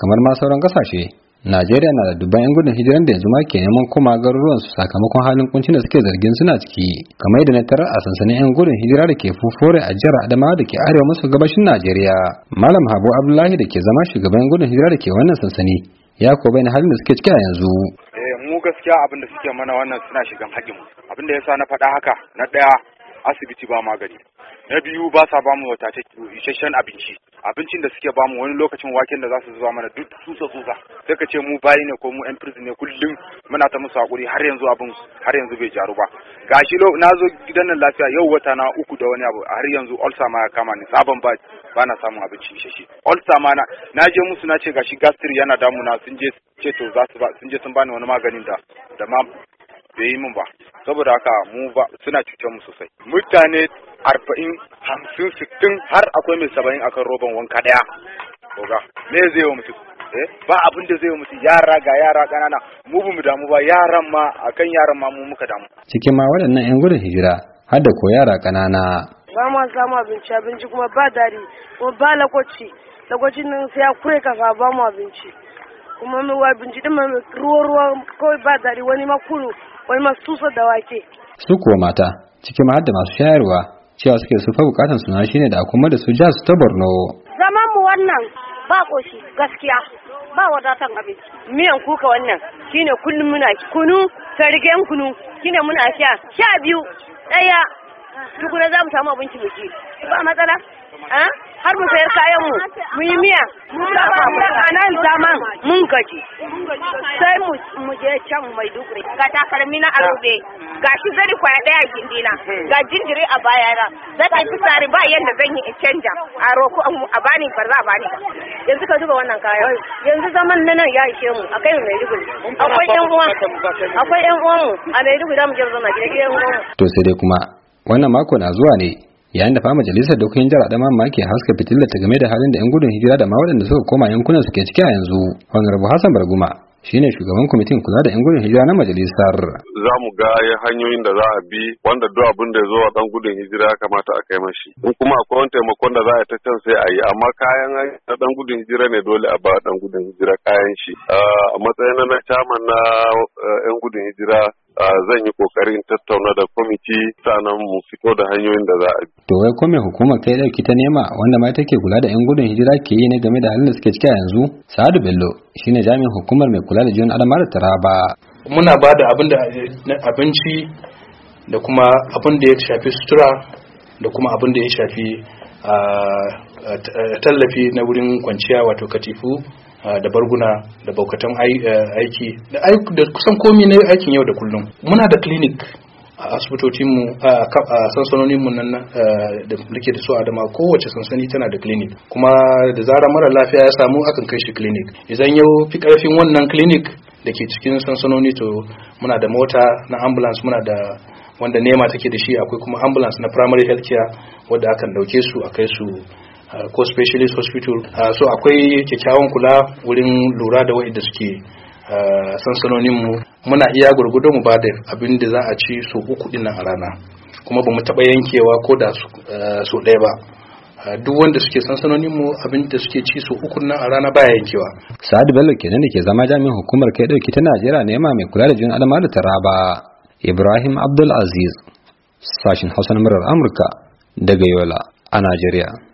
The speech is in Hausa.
kamar ma sauran kasashe najeriya na da dubban yan gudun hijiran da yanzu ma ke neman koma garuruwan su sakamakon halin kunci da suke zargin suna ciki kamar yadda na tarar a sansanin yan gudun hijira da ke fufore a jihar adamawa da ke arewa maso gabashin najeriya malam habu abdullahi da ke zama shugaban yan gudun hijira da ke wannan sansani ya ko bayan halin da suke ciki a yanzu eh, mu gaskiya abin da suke mana wannan suna shigan mu. abin da ya sa na faɗa haka na ɗaya asibiti ba magani na biyu ba sa bamu wata isasshen abinci abincin da suke bamu wani lokacin waken da za su zuba mana duk tsutsa tsutsa sai ka ce mu bayi ne ko mu yan prison ne kullum muna ta musu hakuri har yanzu abin har yanzu bai jaru ba gashi na zo gidan nan lafiya yau wata na uku da wani abu har yanzu olsa ma ya kama ni sabon ba ba na samun abinci isasshe olsa ma na na je musu na ce gashi gastric yana damuna sun je ce to za su ba sun je sun bani wani maganin da da ma bai yi min ba saboda haka mu ba suna cutar mu sosai mutane arba'in hamsin sittin har akwai mai saba'in akan roban wanka daya oga me zai yi wa mutum eh, ba abin da zai wa mutum yara ga yara ƙanana mu mu damu ba yaran ma akan yaran ma mu muka damu cikin ma waɗannan yan gudun hijira har da ko yara ƙanana ba ma samu abinci abinci kuma ba dari kuma ba lakwaci lakwacin nan sai ya kure kafa ba mu abinci kuma mu abinci din ruwa ruwa kawai ba dari wani ma Kulu wani ma susa da wake su kuwa mata cikin ma har da masu shayarwa cewa suke su fa bukatan suna na ne da kuma da su ja su ta Borno zaman mu wannan ba koshi gaskiya ba wadatan abinci miyan kuka wannan shine kullum muna kunu sargen kunu shine muna sha sha biyu daya tukuna za mu samu abinci mu ba matsala ah? har mu sayar kayan mu mu yi miya a nan zaman mun gaji sai mu je can mai duguri ga takalmi na arube ga shi zari kwaya daya gindina ga jinjiri a bayana zai fi fitsari ba yadda zan yi in canja a roko a bani ba za a bani yanzu ka duba wannan kayan yanzu zaman na nan ya ishe mu a kai mai duguri akwai yan uwa akwai yan uwan mu a mai duguri za mu je zama gida gidan uwan mu to sai dai kuma wannan mako na zuwa ne yayin da fa majalisar dokokin jihar Adama ma ke haska fitilar ta game da halin da 'yan gudun hijira da ma waɗanda suka koma yankunan suke ciki a yanzu honorable Hassan Barguma ne shugaban kwamitin kula da 'yan gudun hijira na majalisar. Za mu ga hanyoyin da za a bi wanda duk abin da ya zo a ɗan gudun hijira ya kamata a kai mashi. In kuma akwai wani taimakon da za a ta can sai a yi amma kayan na ɗan gudun hijira ne dole a ba ɗan gudun hijira kayan shi. A matsayin na chairman na eh, 'yan gudun hijira zan yi kokarin tattauna da kwamiti sanan mu fito da hanyoyin da za a bi. To wai kome hukumar kai dauki ta nema wanda ma take kula da 'yan gudun hijira ke yi ne game da halin da suke ciki yanzu? Sa'adu Bello shine jami'in hukumar mai kula da jiyon adama da taraba. Muna ba da abin da abinci da kuma abin da ya shafi sutura da kuma abin da ya shafi tallafi na wurin kwanciya wato katifu da barguna da baukatan eh, aiki da kusan komi na aikin yau da kullum muna da clinic a asibitocinmu a sansanoninmu nan eh, da muke da su a dama kowace sansani tana da clinic kuma da zara mara lafiya ya samu akan kai shi clinic idan yau fi karfin wannan clinic da ke cikin sansanoni to muna da mota na ambulance muna da wanda nema take da shi akwai kuma ambulance na primary health care wadda akan dauke su a kai su Uh, ko specialist hospital uh, so akwai kyakkyawan kula wurin lura da waɗanda suke uh, sansanoninmu muna iya gurgudun mu ba da abin da za a ci so uku dinnan a rana kuma ba mu taɓa yankewa ko da so ɗaya ba duk wanda suke sansanonin mu abin da suke ci so uku dinnan a rana baya yankewa. Sa'ad Bello kenan da ke zama jami'in hukumar kai dauki ta Najeriya ne ma mai kula da jin adama da taraba Ibrahim AbdulAziz Aziz sashin Hausa na murar Amurka daga Yola a Najeriya.